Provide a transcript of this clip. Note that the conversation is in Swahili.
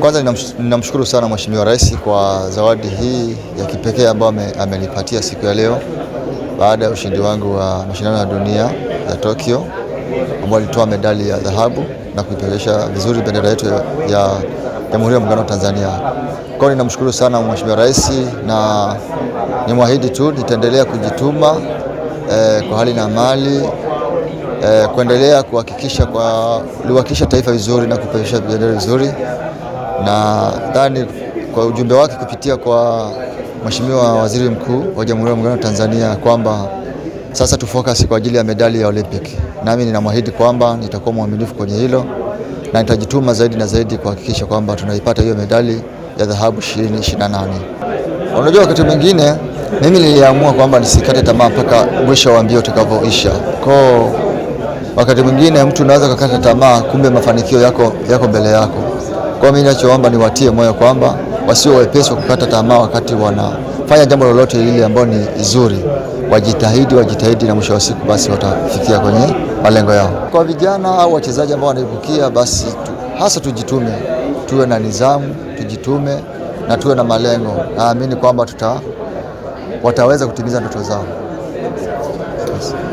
Kwanza ninamshukuru sana Mheshimiwa Rais kwa zawadi hii ya kipekee ambayo amenipatia siku ya leo baada ya ushindi wangu wa mashindano ya dunia ya Tokyo ambao alitoa medali ya dhahabu na kuipeperusha vizuri bendera yetu ya Jamhuri ya Muungano wa Tanzania. Kwa hiyo ninamshukuru sana Mheshimiwa Rais na nimwahidi tu nitaendelea kujituma eh, kwa hali na mali eh, kuendelea kuhakikisha kwa liwakilisha taifa vizuri na kupeperusha bendera vizuri, na dhani kwa ujumbe wake kupitia kwa Mheshimiwa Waziri Mkuu wa Jamhuri ya Muungano wa Tanzania kwamba sasa tufocus kwa ajili ya medali ya Olympic. Nami ninamwahidi kwamba nitakuwa mwaminifu kwenye hilo na nitajituma zaidi na zaidi kuhakikisha kwamba tunaipata hiyo medali ya dhahabu 2028. Unajua, wakati mwingine mimi niliamua kwamba nisikate tamaa mpaka mwisho wa mbio utakavyoisha. kwao. Wakati mwingine mtu unaweza kukata tamaa, kumbe mafanikio yako yako mbele yako. Kwa mimi ninachoomba ni watie moyo kwamba wasio wepesi wa kukata tamaa wakati wanafanya jambo lolote lile ambalo ni zuri, wajitahidi wajitahidi, na mwisho wa siku basi watafikia kwenye malengo yao. Kwa vijana au wachezaji ambao wanaibukia, basi tu, hasa tujitume, tuwe na nidhamu, tujitume na tuwe na malengo. Naamini kwamba tuta wataweza kutimiza ndoto zao.